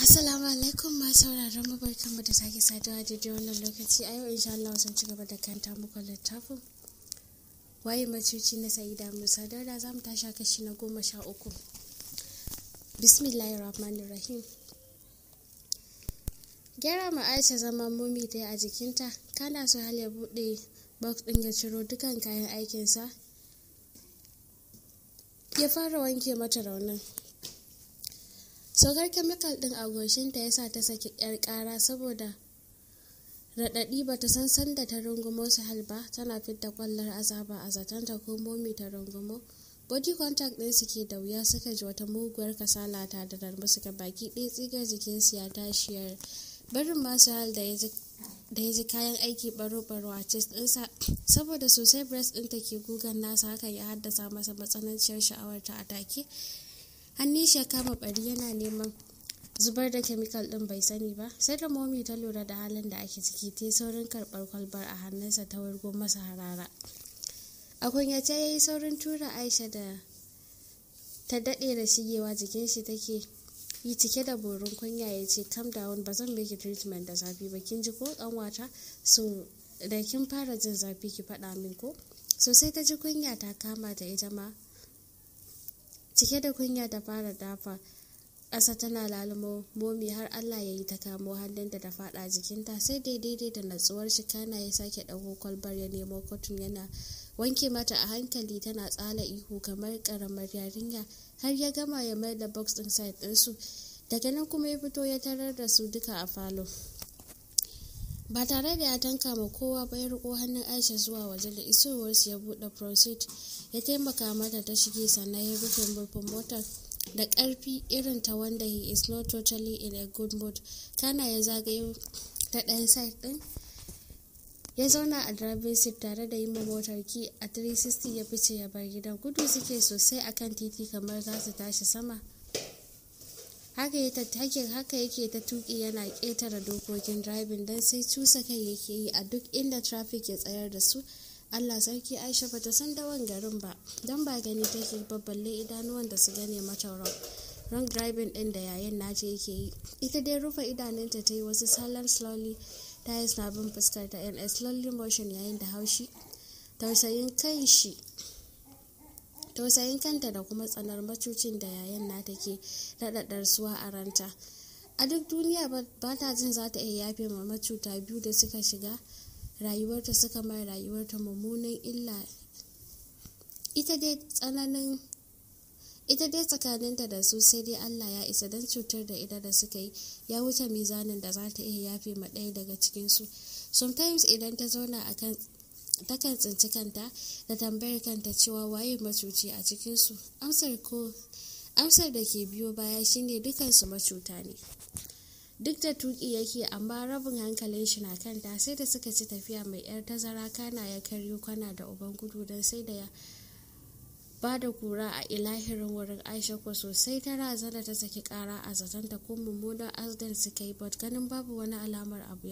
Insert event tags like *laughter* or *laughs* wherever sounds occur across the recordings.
Assalamu alaikum ma sauraron mu barkanmu da sake saduwa da dai wannan lokaci a yau insha Allah zan ci gaba da kanta muku littafin waye macuci na Sa'ida Musa da za mu tashi kashi na goma sha uku Rahim Gera ma Aisha zama mumi dai a jikinta kana so hal ya buɗe box ɗin ya ciro dukan kayan aikinsa ya fara wanke mata raunin saukar kemikal din a goshinta ya sa ta saki 'yar kara saboda raɗaɗi ba ta san sanda ta rungumo hal ba tana fidda kwallar azaba a zatanta ko momi ta rungumo body contact ɗin suke da wuya suka ji wata muguwar kasala ta da darmu suka baki ɗaya tsigar jikin su ya tashi yar barin su hal da ya ji kayan aiki baro-baro a chest ɗinsa *clears throat* saboda sosai breast ɗin ke gugan nasa haka ya haddasa masa matsananciyar sha'awar ta a take hannun kama bari yana neman zubar da kemikal din bai sani ba sai da momi ta lura da halin da ake ciki ta yi saurin karɓar kwalbar a hannunsa ta wurgo masa harara a kunyace ya yi saurin tura aisha da ta daɗe da shigewa jikin shi take yi cike da borin kunya ya ce calm down ba zan miki treatment da zafi ba kin ji ko kanwata so da kin fara jin zafi ki faɗa min ko sosai ta ji kunya ta kama ta ita ma cike da kunya ta fara dafa ƙasa tana lalumo momi har allah ya yi ta kamo hannunta da faɗa jikinta sai daidai da natsuwar shi kana ya sake ɗauko kwalbar ya nemo kotun yana wanke mata a hankali tana tsala ihu kamar ƙaramar yarinya har ya gama ya mai da box inside ɗinsu daga nan kuma ya fito ya tarar da su duka a falo ba tare da ya tanka ma kowa ba ya riko hannun aisha zuwa waje da isowarsu ya bude prostate ya taimaka mata ta shige sannan ya rufe murfin motar da karfi irin ta wanda he is not totally in a good mood tana ya zagaye ta dan side din ya zauna a driving seat tare da yin motar ki a 360 ya fice ya bar gidan gudu suke sosai akan titi kamar za su tashi sama haka ya haka yake ta tuki yana ƙetare dokokin driving don sai cusa kai yake yi a duk inda traffic ya tsayar da su allah sarki aisha ba ta san dawan garin ba don ba gani take babballe idanuwan da su gane mata wrong wrong driving din da yayin nace yake yi ita dai rufe idanunta ta yi wasu salon slowly tayas na bin fuskar ta a slowly motion yayin da haushi tausayin kan shi tausayin kanta da kuma tsanar macucin da yayan nata ke raɗaɗar suwa a ranta a duk duniya ba ta jin za ta iya yafe ma macuta biyu da suka shiga rayuwarta suka mai rayuwarta mummunan illa ita dai tsananin ita dai tsakaninta da su sai dai allah ya isa don cutar da ita da suka yi ya wuce mizanin da za ta iya yafe ma ɗaya daga cikinsu sometimes idan ta zauna a kan. takan tsinci kanta da tambayar kanta cewa waye macuci a cikinsu amsar ko amsar da ke biyo baya shine dukansu macuta ne duk da tuki yake amma rabin hankalin shi na kanta sai da suka ci tafiya mai yar tazara kana ya karyo kwana da uban gudu don sai da ya ba da kura a ilahirin wurin aisha ko sosai ta razana ta saki kara a ta ko mummunan asdan suka yi but ganin babu wani alamar abu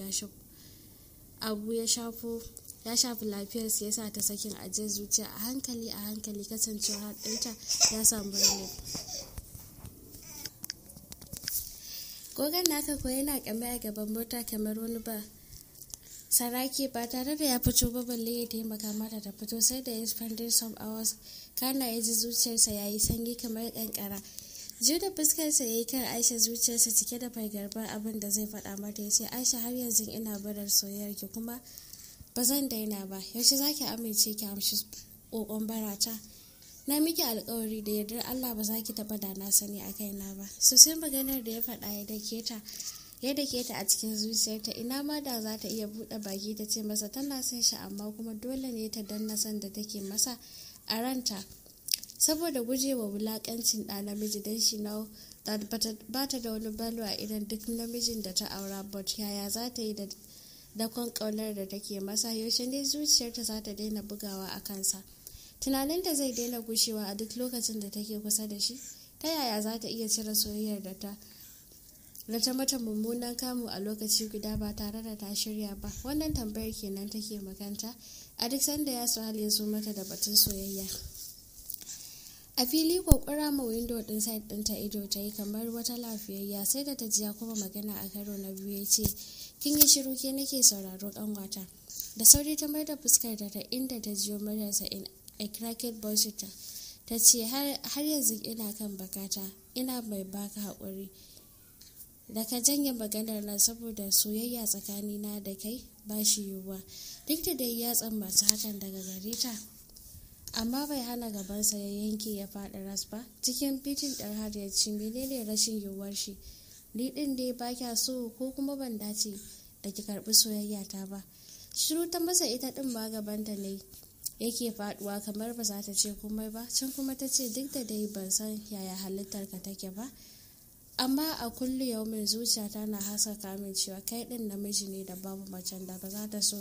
ya shafo ya shafi lafiyar ya sa ta sakin ajiyar zuciya a hankali a hankali kasancewa haɗinta ya samu barne gogon na aka koya yana kame a gaban mota kamar wani ba saraki ba tare da ya fito ba balle ya taimaka mata ta fito sai da ya spending some hours kana ya ji zuciyarsa ya yi sanyi kamar kankara ji da fuskarsa ya yi kan aisha zuciyarsa cike da fargabar abin da zai faɗa mata ya ce aisha har yanzu ina barar ki kuma ba zan daina ba yaushe za ki amince ki amshi kokon barata na miki alkawari da yardar allah ba za ki taɓa da na sani a kaina ba sosai maganar da ya faɗa ya dake ta ya dake ta a cikin zuciyarta ina ma da za ta iya buɗe baki ta ce masa tana son shi amma kuma dole ne ta danna san da take masa a ranta saboda gujewa wulakancin ɗa namiji don shi na ba ta da wani balo a idan duk namijin da ta aura but yaya za ta yi da dakon ƙaunar da take masa yaushe ne zuciyarta za ta daina bugawa a kansa tunaninta zai daina gushewa a duk lokacin da take kusa da shi ta yaya za ta iya cire soyayyar da ta da ta mata mummunan kamu a lokaci guda ba tare da ta shirya ba wannan tambayar kenan take maganta a duk sanda ya su hali su mata da batun soyayya a fili kokura ma windo din side din ta ido ta yi kamar wata lafiyayya sai da ta ji ya kuma magana a karo na biyu ya ce kin yi shiru ke nake sauraro ƙanwata da sauri ta mai da fuskar da ta inda ta jiyo muryarsa in a cracket voice ta ce har yanzu ina kan bakata ina mai baka haƙuri da ka janye maganar nan saboda soyayya tsakanina da kai ba shi yiwuwa duk da dai ya tsammaci hakan daga gare ta amma bai hana gabansa ya yanke ya faɗi ras ba cikin fitin ɗan har ya ci menene rashin yiwuwar shi ni din dai ba kya so ko kuma ban dace da ki karbi soyayya ta ba shiru ta masa ita din ba gaban ta ne yake faduwa kamar ba za ta ce komai ba can kuma ta ce duk da dai ban san yaya halittar ka take ba amma a kullu yau zuciya zuciyata na haskaka min cewa kai ɗin namiji ne da babu macen da ba za ta so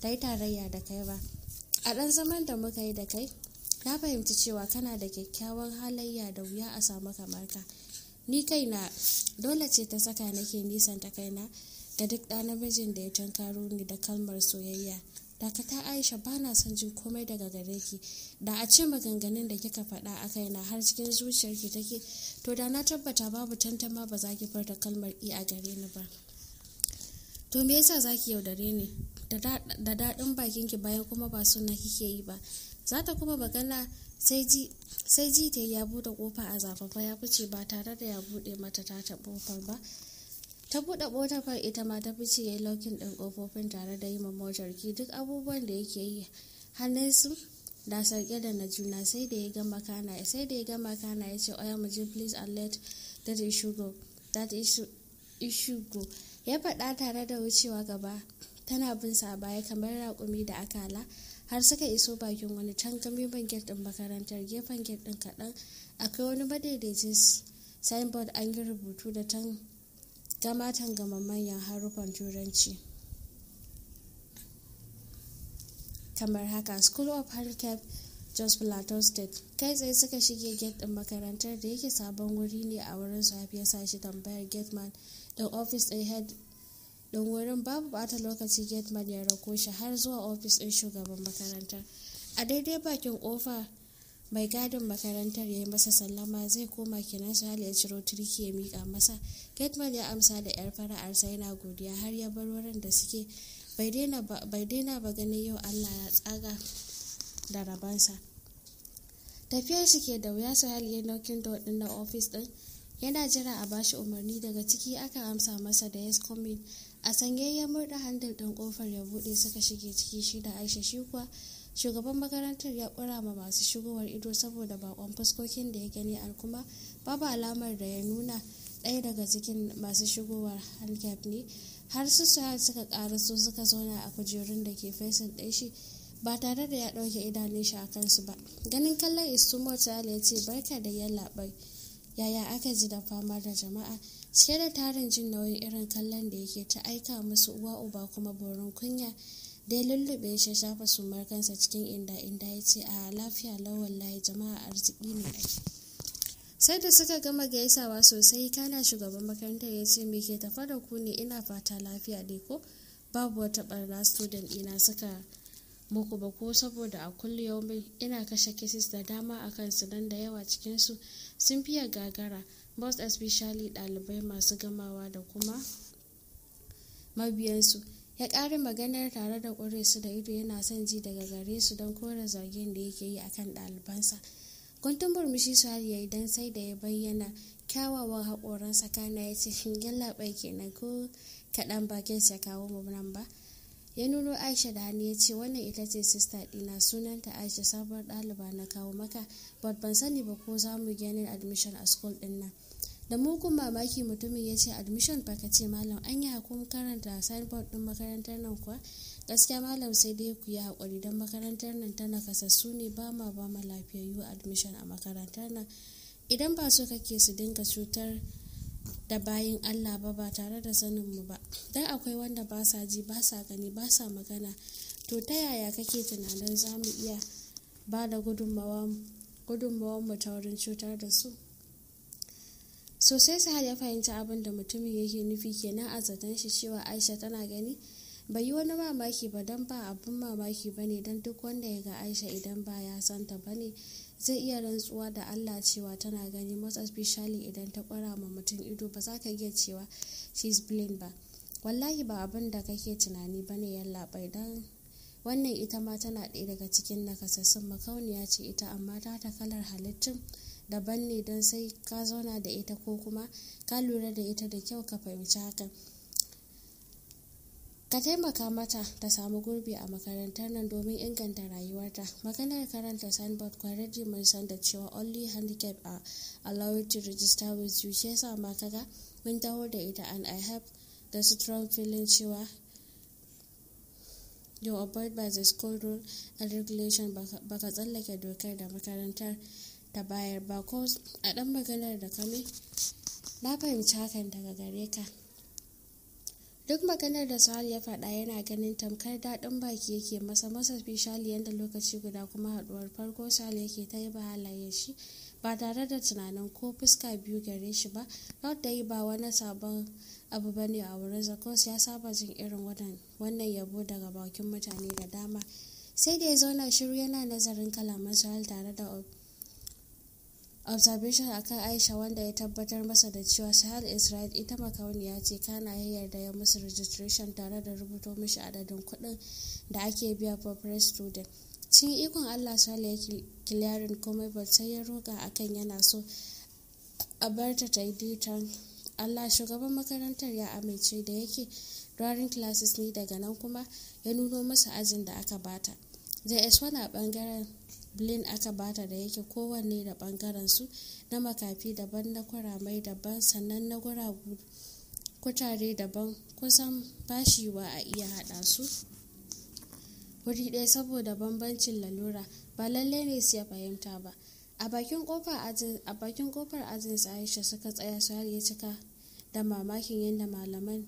ta yi tarayya da kai ba a ɗan zaman da muka yi da kai na fahimci cewa kana da kyakkyawan halayya da wuya a samu kamar ka ni kaina dole ce ta saka nake nisanta kaina ga duk ɗa namijin da ya tankaro ni da kalmar soyayya dakata aisha ba na son jin komai daga gare ki da a ce maganganun da kika faɗa a kaina har cikin zuciyarki take to da na tabbata babu tantama ba za ki furta kalmar i e a gare ni ba to me yasa za ki yaudare ni da daɗin bakinki bayan kuma ba suna kike yi ba za ta kuma magana sai ji sai jita ya bude kofa a zafafa ya fice ba tare da ya bude mata ta taɓa kofar ba ta bude kofar ita ma ta fice ya yi laukin ɗin kofofin tare da yi motar ki duk abubuwan da yake yi hannunsu da sarƙe da na juna sai da ya gama kana sai da ya gama kana ya ce oya mu je please alert that issue go that issue go ya faɗa tare da wucewa gaba tana bin sa baya kamar raƙumi da akala har suka iso bakin wani can gefen get din makarantar gefen gate din kadan akwai wani madaidaicin signboard an yi rubutu da tan gamatan gama manyan haruffan turanci kamar haka school of handicap jos plateau state kai tsaye suka shige gate din makarantar da yake sabon wuri ne a wurin su ya shi tambayar gate man da ofis din head don wurin babu bata lokaci man ya rako shi har zuwa ofis ɗin shugaban makarantar a daidai bakin kofa mai gadin makarantar ya yi masa sallama zai koma kenan su hali ya ciro turki ya mika masa gateman ya amsa da yar fara'arsa yana godiya har ya bar wurin da suke bai daina ba ganin yau allah ya tsaga da rabansa tafiyar shi ke da wuya su hali ya naukin da waɗanda ofis ɗin yana jira a bashi umarni daga ciki aka amsa masa da yes a sanye ya murda handil ɗin ƙofar ya buɗe suka shige ciki shi da aisha shi kuwa shugaban makarantar ya ƙura ma masu shigowar ido saboda bakon fuskokin da ya gani an kuma babu alamar da ya nuna ɗaya daga cikin masu shigowar hankali ne har su suhal suka su suka zauna a kujerun da ke fesin ɗin shi ba tare da ya ɗauke idanun shi a kansu ba ganin kallon istumo ya ce barka da yalla bai yaya aka ji da fama da jama'a cike da tarin jin nauyin irin kallon da yake ta aika musu uwa uba kuma borin kunya da ya lullube shi shafa sumar kansa cikin inda inda ya ce a lafiya lawan layi jama'a arziki ne sai da suka gama gaisawa sosai kana shugaban makarantar ya ce me ke tafa da ku ne ina fata lafiya dai ko babu wata barna student ina suka muku ba ko saboda a kulle ina kashe kisis da dama a kansu nan da yawa cikinsu sun fiye gagara most especially ɗalibai masu gamawa da kuma mabiyansu ya ƙari maganar tare da ƙure su da ido yana son ji daga gare su don kore zargin da yake yi akan ɗalibansa guntun murmushi su har yayi don sai da ya bayyana kyawawan haƙoran tsakana ya ce shingen labai kenan ko kaɗan bakin ya kawo mu nan ba ya nuno aisha da hannu ya ce wannan ita ce sista ɗina sunanta aisha sabuwar ɗaliba na kawo maka babban ban sani ba ko za mu ganin admission a school ɗin nan da mugun mamaki mutumin ya ce admission fa ce malam an yi kun karanta signboard din makarantar nan kuwa gaskiya malam sai dai ku yi hakuri don makarantar nan ta nakasassu ne ba ma ba ma lafiyayyu admission a makarantar nan idan ba su kake su dinga cutar da bayin allah ba ba tare da sanin mu ba don akwai wanda ba sa ji ba sa gani ba sa magana to ta yaya kake tunanin za mu iya ba da gudunmawa mu ta wurin cutar da su sosai su ya fahimci abin da mutumin yake nufi kenan a zaton shi cewa aisha tana gani ba yi wani mamaki ba don ba abin mamaki ba ne don duk wanda ya ga aisha idan ba ya santa ba ne zai iya rantsuwa da allah cewa tana gani most especially idan ta kwara ma mutum ido ba za ka iya cewa she's blind ba wallahi ba abin da kake tunani ba ne bai don wannan ita ma tana ɗaya daga cikin nakasassun makauniya ce ita amma ta ta kalar halittun daban ne don sai ka zauna da ita ko kuma ka lura da ita da kyau ka fahimci hakan ka taimaka mata ta samu gurbi a makarantar nan domin inganta rayuwarta maganar karanta signboard kwaraji mun san da cewa only handicap are allowed to register with you shi yasa ma kaga mun taho da ita and i have the strong feeling cewa you abide by the school rule and regulation baka tsallake dokar da makarantar ta bayar ba ko a ɗan maganar da kame na fahimci hakan daga gare ka duk maganar da sahal ya faɗa yana ganin tamkar daɗin baki yake masa masa fishali yadda lokaci guda kuma haɗuwar farko sahal yake ta yi halaye shi ba tare da tunanin ko fuska biyu gare shi ba rawar da yi ba wani sabon abu ba ne a wurin zakos ya saba jin irin wannan yabo daga bakin mutane da dama sai da ya zauna shiru yana nazarin kalaman sahal tare da observation akan aisha wanda ya tabbatar masa da cewa sahel israel ita makauniya ce kana ya da ya musu registration tare da rubuto mishi adadin kuɗin da ake biya for press student cin ikon allah sahal ya kiliyarin komai ba sai ya roga akan yana so a bar ta ta allah shugaban makarantar ya amince da yake drawing classes ne daga nan kuma ya nuno masa ajin da aka bata js wani a bangaren lin aka bata da yake kowanne da ɓangaren su na makafi daban na kuramai daban sannan na guragu kutare daban kusan bashiwa a iya haɗa su wuri ɗaya saboda bambancin lalura ba lallai ne su ya fahimta ba a bakin kofar ajin aisha suka tsaya su har ya cika da mamakin yadda malaman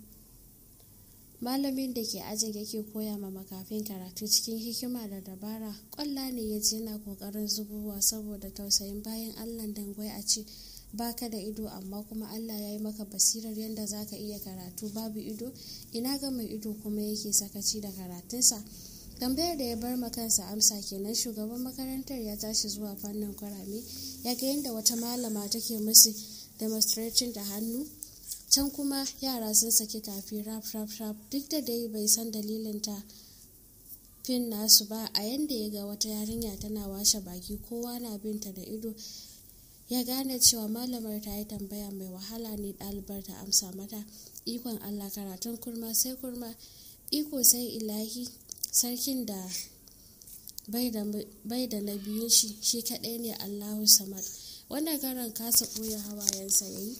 malamin da ke ajin yake koya ma makafin karatu cikin hikima da dabara kwalla ne ya ji yana kokarin zubowa saboda tausayin bayan allah dangwai a ce baka da ido amma kuma allah ya yi maka basirar yadda za ka iya karatu babu ido ina ga mai ido kuma yake sakaci da karatunsa tambayar da ya bar ma kansa amsa kenan shugaban makarantar ya tashi zuwa fannin kwarame ya ga yadda wata malama take musu demonstrating da hannu can kuma yara sun saki tafi rap rap rap duk da dai bai san dalilin ta fin nasu ba a yadda ya ga wata yarinya tana washe baki kowa na binta da ido ya gane cewa malamar ta yi tambaya mai wahala ne ɗalibar ta amsa mata ikon allah karatun kurma sai kurma iko sai ilahi sarkin da bai da na biyu shi shi ne allahu samad wannan karan kasa ɓoye hawayensa ya yi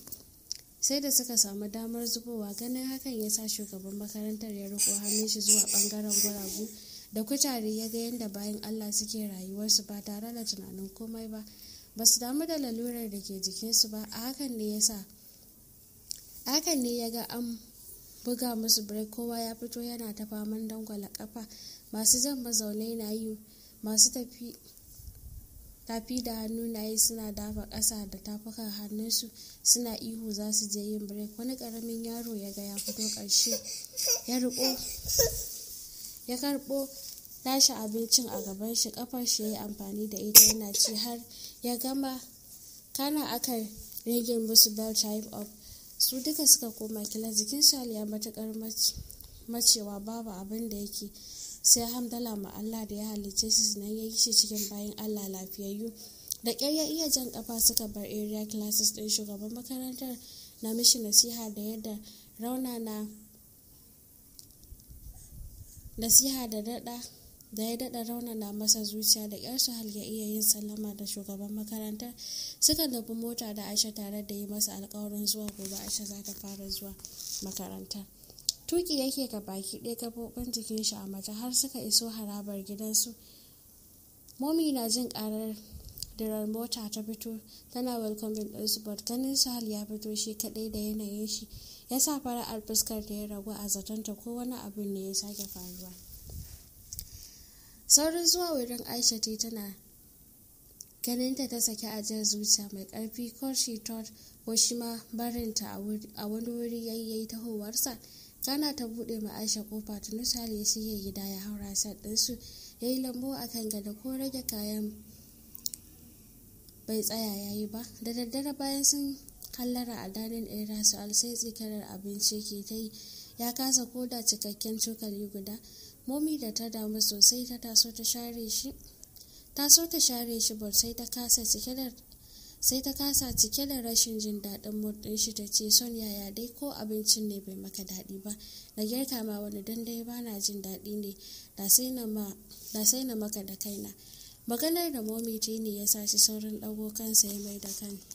sai da suka samu damar zubowa ganin hakan ya sa shugaban makarantar ya riko hannun shi zuwa bangaren guragu da kutare ya ga yadda bayan allah suke rayuwarsu ba tare da tunanin komai ba ba su damu da lalurar da ke jikinsu ba a hakan ne ya sa ga an buga musu break kowa ya fito yana ta faman dangwala kafa masu jan mazaunai na yi masu tafi tafi da hannunaye suna dafa ƙasa da tafukan hannunsu suna ihu za su je yin break wani ƙaramin yaro ya ga ya fito ƙarshe ya riko ya karɓo tashi abincin a gaban shi kafar shi ya yi amfani da ita yana ci har ya gama kana aka rage musu bell time of su duka suka koma kila jikin shali ya matukar macewa babu abin da yake sai hamdala ma Allah da ya halicce shi sannan ya yi shi cikin bayan Allah lafiyayyu da ƙyar iya jan kafa suka bar area classes ɗin shugaban makarantar na mishi nasiha da yadda rauna na nasiha da daɗa da ya daɗa na masa zuciya da ƙyar su ya iya yin sallama da shugaban makarantar suka nufi mota da aisha tare da yi masa alkawarin zuwa gobe aisha za ta fara zuwa makarantar tuki yake ga baki ɗaya gabobin jikin shi a mata har suka iso harabar gidansu momi na jin ƙarar dirar mota ta fito tana welcoming ɗinsu but ganin sahal ya fito shi kaɗai da yanayin shi ya sa fara'ar fuskar da ya ragu a zatanta ko wani abin ne ya sake faruwa saurin zuwa wurin aisha tana ganinta ta saki ajiyar zuciya mai karfi ko she thought ko shi ma barinta a wani wuri yayi tahowarsa tana ta bude ma aisha kofa ta misali ya shige gida ya haura sad ɗinsu ya yi lambo a kan gada ko rage kayan bai tsaya ya yi ba da daddare bayan sun kallara a danin era su alsai tsikarar abinci ke ta yi ya kasa koda cikakken cokali guda momi da ta damu sosai ta taso ta share shi ta ta share shi bar sai ta kasa cike sai ta kasa cike da rashin jin daɗin murɗin shi ta ce son yaya dai ko abincin ne bai maka daɗi ba na girka ma wani don dai ba na jin daɗi ne da sai na maka da kaina maganar da momi ta ne ya sa shi saurin ɗago kansa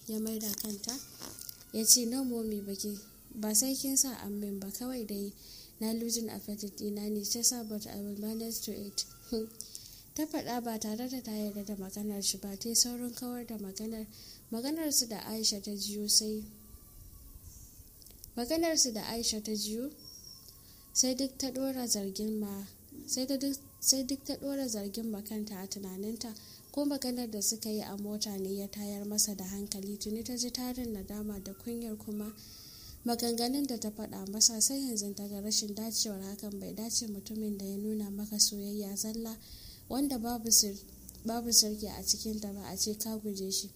ya mai da kanta ya ce na momi baki ba sai kin sa amin ba kawai dai na losing affected ina ne ta sa but i will manage to it *laughs* ta faɗa ba tare da ta yarda da maganar shi ba ta saurin kawar da maganar maganarsu da aisha ta jiyo sai maganarsu duk ta dora zargin ma sai ta ta a tunaninta ko maganar da suka yi a mota ne ya tayar masa da hankali tuni ta ji tarin nadama da kunyar kuma maganganun da ta faɗa masa sai yanzu ta ga rashin dacewar hakan bai dace mutumin da ya nuna maka soyayya zalla wanda babu sirki a cikin cikinta ba a ce ka guje shi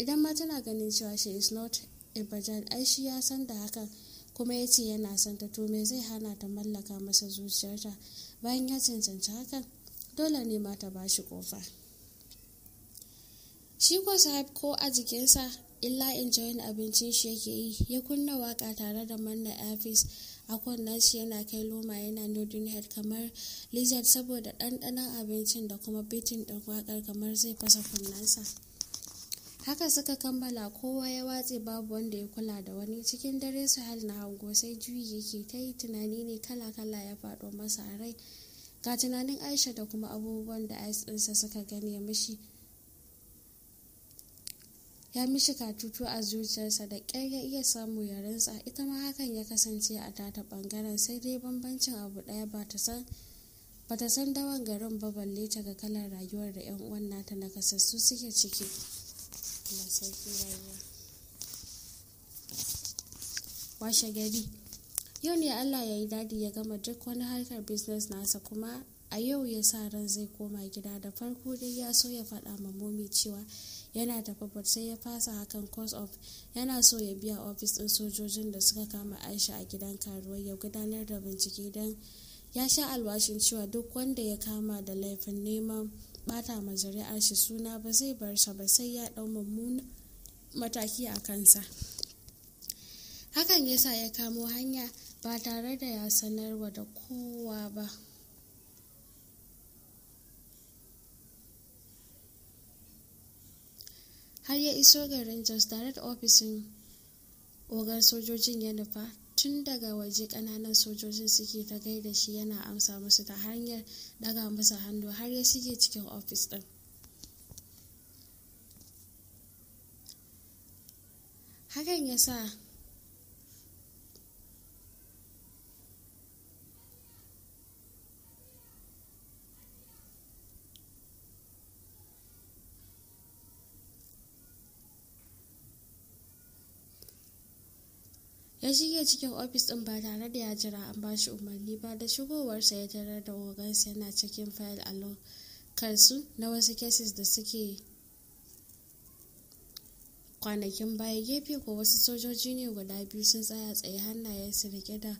idan ma tana ganin cewa she is not a bajan ai shi ya san da hakan kuma ya ce yana son ta to me zai hana ta mallaka masa zuciyarta bayan ya cancanci hakan dole ne ma ta ba shi kofa shi ko sahib ko a jikinsa illa in join abincin shi yake yi ya kunna waka tare da manna afis a kunnen shi yana kai loma yana nodin head kamar lizard saboda ɗanɗanon abincin da kuma bitin ɗin wakar kamar zai fasa kunnensa. haka suka kammala kowa ya watse babu wanda ya kula da wani cikin dare su hal na hango sai juyi yake ta yi tunani ne kala kala ya faɗo masa a rai ga tunanin aisha da kuma abubuwan da ice ɗinsa suka gane mishi ya mishi katutu a zuciyarsa da ƙyar ya iya samu ya rantsa ita ma hakan ya kasance a tata ɓangaren sai dai bambancin abu ɗaya ba ta san bata san dawan garin ba balle ta ga kalar rayuwar da 'yan uwan nata na kasassu suke ciki Allah rayuwa washe gari yau ne Allah ya yi dadi ya gama duk wani harkar business nasa kuma a yau ya sa ran zai koma gida da farko dai ya so ya faɗa ma momi cewa yana tafabar sai ya fasa hakan cause of yana so ya biya ofis ɗin sojojin da suka kama aisha a gidan karuwa ya gudanar da bincike don ya sha alwashin cewa duk wanda ya kama da laifin neman bata ma a shi suna ba zai bar sa ba sai ya ɗau mummuna mataki a kansa hakan yasa ya kamo hanya ba tare da ya sanarwa da kowa ba har ya iso garin jos tare da ofishin ogar sojojin ya nufa tun daga waje kananan sojojin suke ta gaida shi yana amsa musu ta hanyar daga musu hannu har ya shige cikin ofis din hakan ya sa ya shige cikin ofis ɗin ba tare da ya jira an ba shi umarni ba da shigowarsa ya tarar da ogansa yana cikin fayil a kansu na wasu cases da suke kwanakin baya gefe ko wasu sojoji ne guda biyu sun tsaya tsaye hannayensu rike da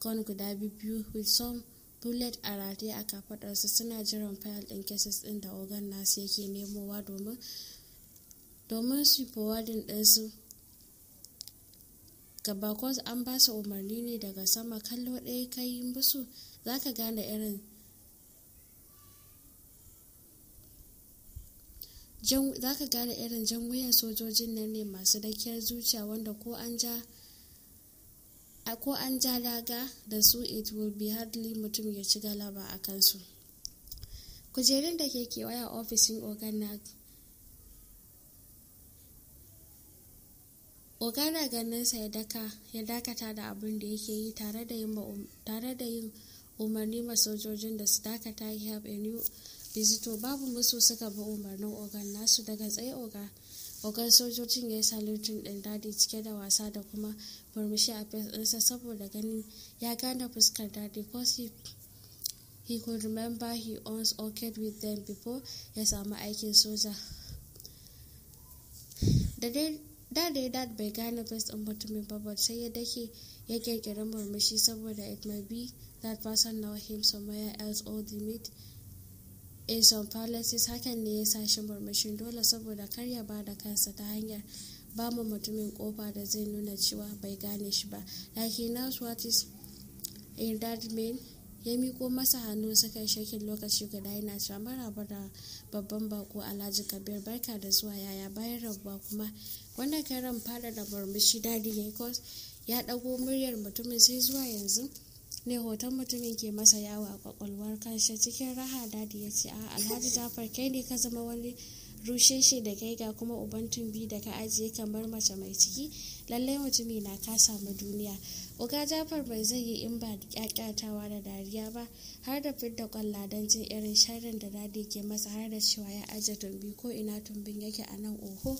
gun guda biyu with some bullet a rataye a kafadarsu suna jiran fayil ɗin cases ɗin da ogan nasu yake nemowa domin domin su forwarding ɗinsu gaba ko an ba su umarni ne daga sama kallo ɗaya ka yi musu za ka gane irin za ka gane irin jan wuyan sojojin nan ne masu dakiyar zuciya wanda ko an ja ko daga da su it will be hardly mutum ya ci galaba a kansu kujerun da ke kewaya ofishin ogan oga na ganinsa ya dakata da abin da yake yi tare da yin um, umarni ma sojojin da su dakata ya have a new babu musu suka bi umarnin ogan nasu daga tsaye oga ogan sojojin ya yi salutin ɗin dadi cike da wasa da kuma murmushi a ɗinsa saboda ganin ya gane fuskar dadi ko he could remember he owns orchid with them before ya samu aikin soja dad dad bai gane best ɗin mutumin ba sai ya dake ya kirkiri murmushi saboda it may be that person know him somewhere else or the meet in some palaces hakan ne ya sa shi murmushi dole saboda kar ya ba da kansa ta hanyar ba mu mutumin kofa da zai nuna cewa bai gane shi ba like he knows what is in that mean ya miko masa hannu suka shakin lokaci guda yana cewa maraba da babban bako alhaji kabir barka da zuwa yaya bayan rabuwa kuma wanda karan fada da murmushi dadi ya ya ɗago muryar mutumin sai zuwa yanzu ne hoton mutumin ke masa yawo a kwakwalwar kanshi cikin raha dadi ya ce a alhaji jafar kai ne ka zama wani rushe shi da kai ga kuma uban tumbi da ka ajiye kamar mace mai ciki lallai mutumi na ka samu duniya oga jafar bai zai yi in ba kyakkyatawa da dariya ba har da fidda kwalla don jin irin sharrin da dadi ke masa har da cewa ya aje tumbi ko ina tumbin yake a nan oho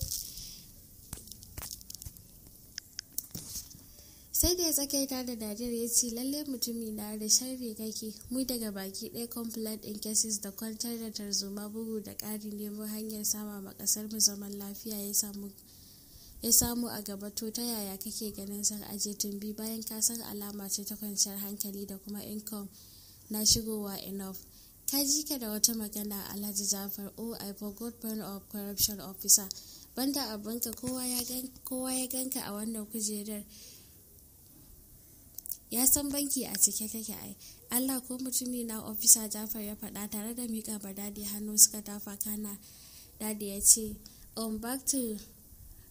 sai da ya tsakaita da dariyar ya ce lalle mutumi na da sharri kake mu daga baki ɗaya complaint in cases da kwantar da tarzoma bugu da ƙari nemo hanyar sama ma ƙasar mu zaman lafiya ya samu ya samu a gaba to ta yaya kake ganin san aje tumbi bayan ka san alama ce ta kwanciyar hankali da kuma income na shigowa enough ka ji ka da wata magana alhaji jafar oh i forgot burn of corruption officer banda abinka kowa ya ganka a wannan kujerar ya san banki a cike kake ai allah ko mutumi na ofisa jafar ya faɗa tare da miƙa ba dadi hannu suka tafa kana dadi ya ce on um, back to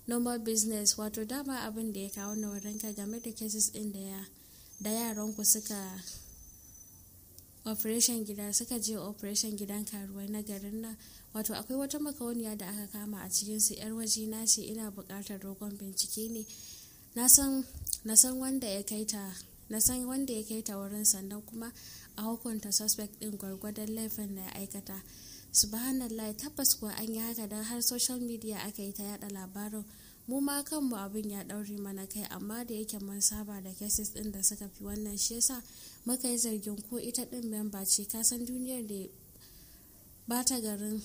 normal business wato dama abin da ya kawo na game da cases ɗin da ya da yaranku suka operation gida suka je operation gidan karuwai na garin nan wato akwai wata makauniya da aka kama a cikin su yar waje na ce ina buƙatar dogon bincike ne na san na san wanda ya kai ta na san wanda ya kai ta wurin sannan kuma a hukunta suspect din gwargwadon laifin da ya aikata subhanallah tabbas kuwa an yi haka don har social media aka yi ta yada labarin mu ma kanmu abin ya ɗaure mana kai amma da yake mun saba da cases ɗin da suka fi wannan shi yasa muka yi zargin ko ita din memba ce kasan duniyar da ba ta garin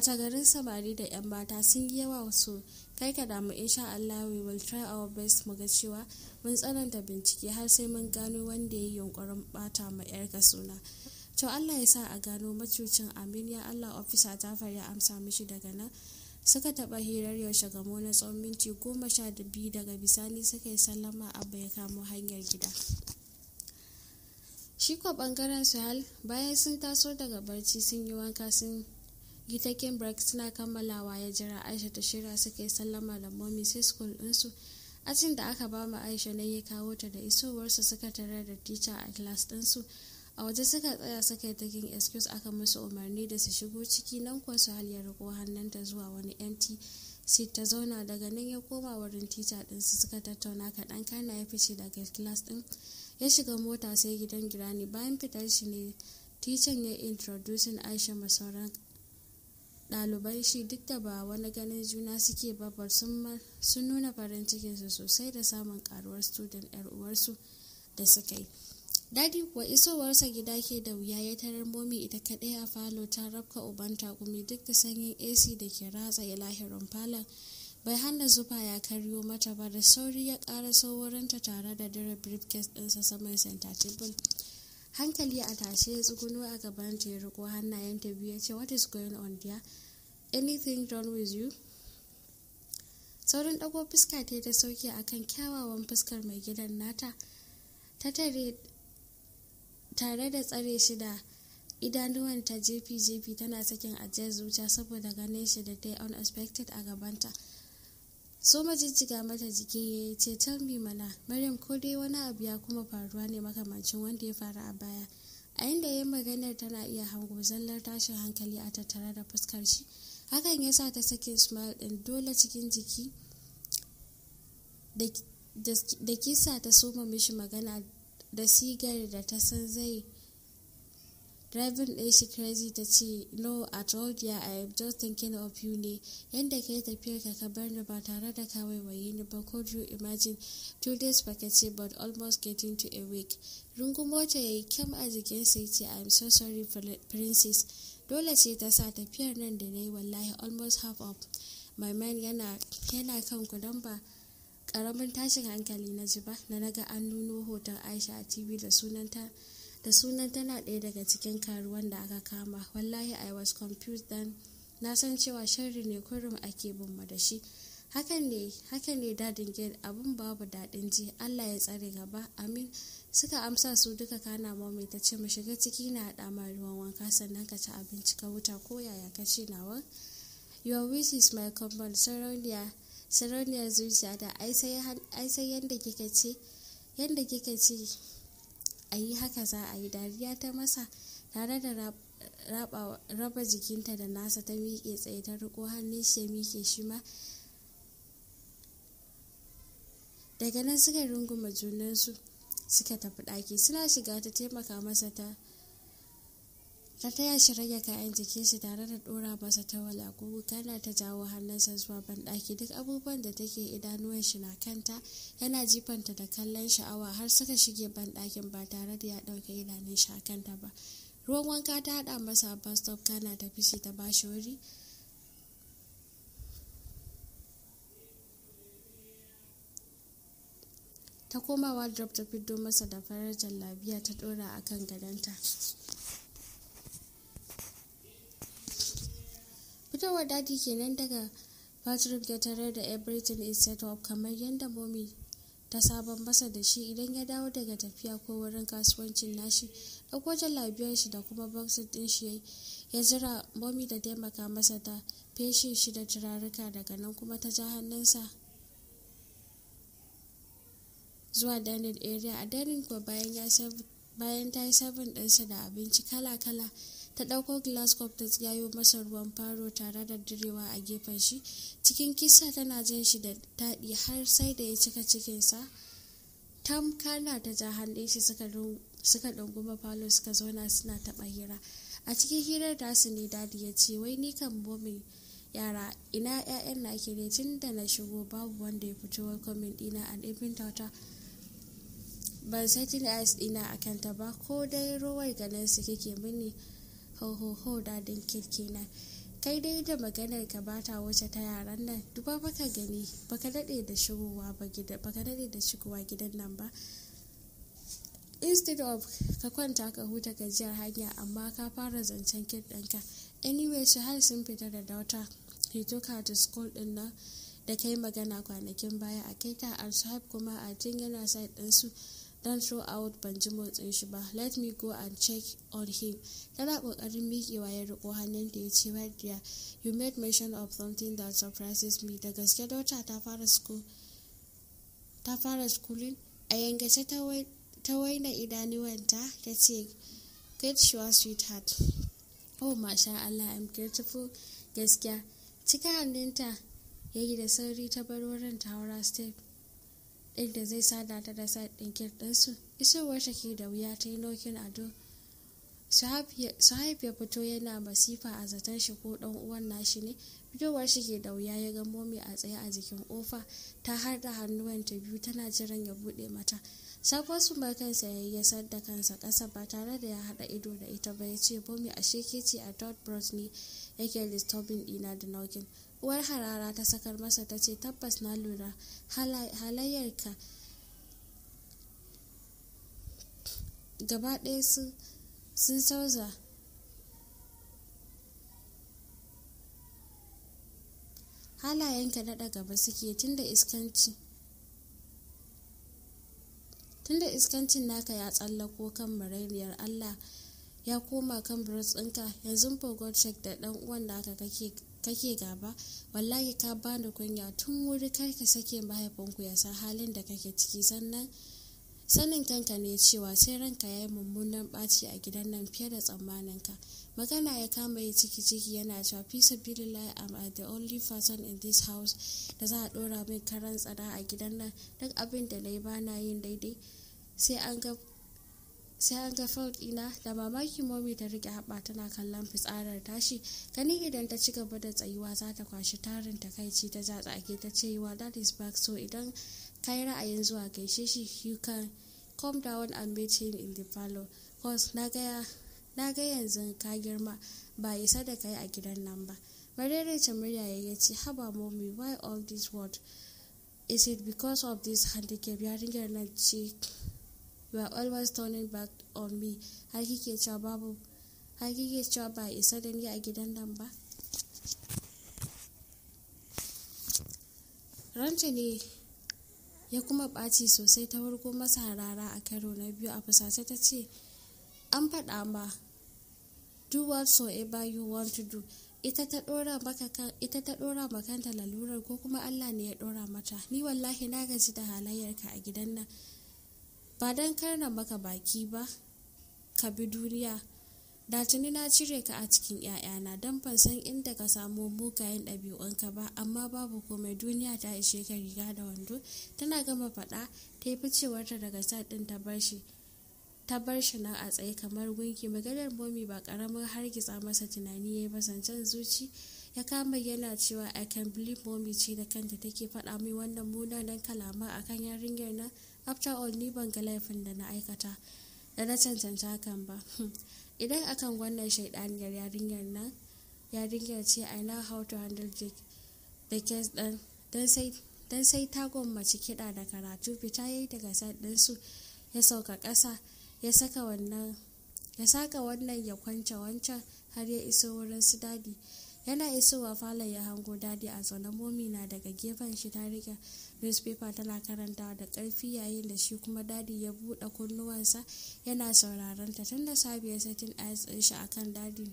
ta garin samari da 'yan mata sun yi yawa su kai ka damu sha Allah we will try our best mu ga cewa mun tsananta bincike har sai mun gano wanda ya yi yunkurin bata ma yarka suna to Allah ya sa a gano macucin amin ya Allah ofisa ta ya amsa mishi daga nan suka taba hirar yaushe gamo na tsawon minti goma sha da biyu daga bisani suka yi sallama abba ya kamo hanyar gida shi bangaren suhal bayan sun taso daga barci sun yi wanka sun gitaken break suna kammalawa ya jira aisha ta shirya suka yi sallama da momi sai school ɗinsu a cikin da aka ba mu aisha ne ya kawo ta da isowarsa suka tare da teacher a class ɗinsu a waje suka tsaya suka yi taking excuse aka musu umarni da su shigo ciki nan kuwa su hal ya riko hannunta zuwa wani empty seat ta zauna daga nan ya koma wurin teacher ɗinsu suka tattauna kaɗan kana ya fice daga class ɗin ya shiga mota sai gidan girani bayan fitar shi ne teacher ya introducing aisha masauran dalibai shi duk da ba wani ganin juna suke babbar sun nuna farin cikinsu sosai da samun karuwar student 'yar uwarsu da suka yi dadi kuwa isowarsa gida ke da wuya ya tarar momi ita kadai a falo ta rabka uban takumi duk da sanyin ac da ke ratsa ya lahirin falon bai hana zufa ya karyo mata ba da sauri ya kara saurinta tare da dare briefcase ɗinsa saman sentatible hankali a tashe ya a gaban ta ya riko hannayen ta biyu ya ce what is going on dear anything wrong with you saurin dago fuska ta ta sauke a kan kyawawan fuskar mai gidan nata ta tare tare da tsare shi da ta jefi-jefi tana sakin ajiyar zuciya saboda ganin shi da ta unexpected a gabanta. so majijjiga mata jiki ya yi ce tell me mana maryam ko dai wani abu ya kuma faruwa ne makamancin wanda ya faru a baya a inda ya maganar tana iya hango zallar tashin hankali a tattare da fuskar shi hakan ya sa ta sake smile din dole cikin jiki da kisa ta soma mishi magana da sigar da ta san zai driving ɗin shi crazy ta ce no at told ya i am just thinking of you ne yadda ka yi tafiyar ka ka bar ni ba tare da ka waiwaye ni ba could you imagine two days ba ka ce but almost getting to a week mota ya yi kyam a jikin sai ce i am so sorry princess dole ce ta sa tafiyar nan da na yi wallahi almost half of my mind yana yana kan ku don ba karamin tashin hankali na ji ba na naga an nuno hoton aisha a tv da sunanta da sunan tana ɗaya daga cikin karuwan da aka kama wallahi i was confused then na san cewa sharri ne kurum ake bin da shi hakan ne hakan ne dadin gate abun babu dadin ji allah ya tsare gaba amin suka amsa su duka kana mai ta ce mu shiga ciki na haɗa ma ruwan wanka sannan ka ci abinci ka wuta ko yaya ka ce nawa your wish is my command sarauniya sarauniyar zuciya da ai sai yadda kika ce yadda kika ce a yi haka za a yi dariya ta masa tare da raba jikinta da nasa ta miƙe tsaye ta riko hannun shi ya miƙe shi ma daga nan suka runguma junansu suka tafi ɗaki suna shiga ta taimaka masa ta ta taya shi rage kayan jikin shi tare da dora masa ta a kana ta jawo hannunsa zuwa banɗaki duk abubuwan da take idanuwan shi na kanta yana jifanta da kallon sha'awa har suka shige banɗakin ba tare da ya ɗauke idanun shi a kanta ba ruwan wanka ta haɗa masa a bus stop kana ta fishi ta bashi wuri ta koma wardrobe ta fiddo masa da farar jallabiya ta dora a kan gadonta fitowar dadi kenan daga patrick ya tarar da everything is set up kamar yadda momi ta sabon masa da shi idan ya dawo daga tafiya ko wurin kasuwancin nashi ɗauko labiyar shi da kuma boxing din shi ya zira momi da taimaka masa ta feshe shi da turaruka daga nan kuma ta ja hannunsa zuwa dining area a dining kuwa bayan ta yi sabon ɗinsa da abinci kala-kala ta ɗauko glasgow ta tsayo masa ruwan faro tare da direwa a gefen shi cikin kisa tana jin shi da daɗi har sai da ya cika cikinsa tam kana ta ja hannun shi suka ɗunguma falo suka zauna suna taɓa hira a cikin hirar da su ne dadi ya ce wai ni kan bomin yara ina 'ya'yan na ke ne tun da na shigo babu wanda ya fito komin dina a ibin tauta ban setting eyes dina a kanta ba ko dai rawar ganin su kike mini hohoho dadin kirki na kai dai da maganar ka bata wuce ta yaran nan duba baka gani baka dade da shigowa ba gida baka dade da shigowa gidan nan ba instead of ka kwanta ka huta gajiyar hanya amma ka fara zancen kid ɗinka anyway su har sun fita da daughter he took her to school din nan da kai magana kwanakin baya a kai ta kuma a jin yana side ɗinsu su don out ban ji motsin shi ba let me go and check on him tana kokarin mikewa ya riko hannun da ya ce wadda you made mention of something that surprises me da gaske dauta ta fara school ta fara schooling a yankace ta waina idanuwanta ta ce great sure sweetheart oh masha Allah I'm grateful gaskiya cika hannunta yi da sauri ta bar wurin ta haura inda zai sada ta da site ɗin kit ɗinsu isowar ke da wuya ta yi nokin ado sahab ya fito yana masifa a zaton shi ko ɗan uwan nashi ne fitowar shi ke da wuya ya ga momi a tsaye a jikin ƙofa ta harda ta biyu tana jiran ya buɗe mata safar su ba kansa ya yi yasar da kansa ƙasa ba tare da ya haɗa ido da ita ba ya ce bomi ashe ke ce a dot bros ne yake listobin ɗina da nokin uwar harara ta sakar masa ta ce tabbas na lura halayyarka gaba ɗaya sun sauza halayenka daɗa gaba suke tunda iskanci tunda iskancin naka ya tsallako kan marainiyar allah ya koma kan birtsinka yanzu pogorchek da ɗan uwan naka kake kake gaba wallahi ka bani kunya tun wuri kar ka sake mahaifinku ya san halin da kake ciki sannan sanin kanka ne cewa sai ranka ya yi mummunan ɓaci a gidan nan fiye da tsammanin ka magana ya kama yi ciki ciki yana cewa fi sabilillahi am I the only person in this house da za a ɗora min karan tsada a gidan nan duk abin da na yi ba na yin daidai sai an ga sai an ga ina da mamaki momi ta rike haɓa tana kallon fitsarar tashi gani idan ta ci gaba da tsayuwa za ta kwashi tarin takaici ta zatsa ake ta ce wa that is back so idan kai ra'ayin zuwa gaishe shi you can come down and meet him in the parlor cause na ga yanzu ka girma ba isa da kai a gidan nan ba ta murya ya ce haba momi why all this world is it because of this handicap yarinyar nan ce you are always turning back on me har kike cewa babu har kike cewa ba isa da ni a gidan nan ba ranta ne ya kuma ɓaci sosai ta wurgo masa harara a karo na biyu a fusace ta ce an faɗa ma do whatsoever you want to do ita ta ɗora makanta lalurar ko kuma allah ne ya ɗora mata ni wallahi na gaji da halayyarka a gidan nan ba don karna maka baki ba ka bi duniya da tuni na cire ka a cikin 'ya'yana don ban inda ka samo mugayen ɗabi'unka ba amma babu komai duniya ta ishe ka riga da wando tana gama faɗa ta yi ficewarta daga sa ɗin ta bar shi ta bar a tsaye kamar gunki maganar momi ba ƙaramin hargitsa masa tunani ya yi ba zuci ya kama yana cewa i can believe mommy ce da kanta take faɗa min wannan munanan kalama akan yarinyar na after all ni ban ga laifin da na aikata da na cancanta hakan ba hmm. idan akan wannan shaidaniyar yarinyar na yarinyar ce i know how to handle the case dan sai don sai ta gwammaci kiɗa da karatu fita yayi daga sadin su ya sauka ƙasa ya saka wannan ya saka wannan ya kwance wancan har ya iso wurin su dadi yana isowa falon ya hango dadi a zaune momi daga gefen shi ta rike newspaper tana karantawa da karfi yayin da shi kuma dadi ya bude kunnuwansa yana sauraron ta tunda sabi ya satin ɗaya din shi akan dadi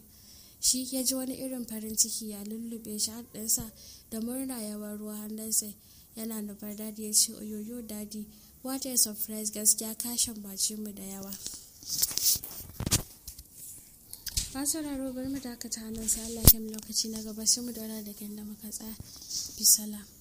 shi ya ji wani irin farin ciki ya lullube shi haɗinsa da murna ya ruwa hannunsa yana nufar dadi ya ce oyoyo dadi what a surprise gaskiya kashin bace mu da yawa sauraro bari mu dakata nan sai Allah ya lokaci na gaba sai mu daura da kyan da muka tsaya bisala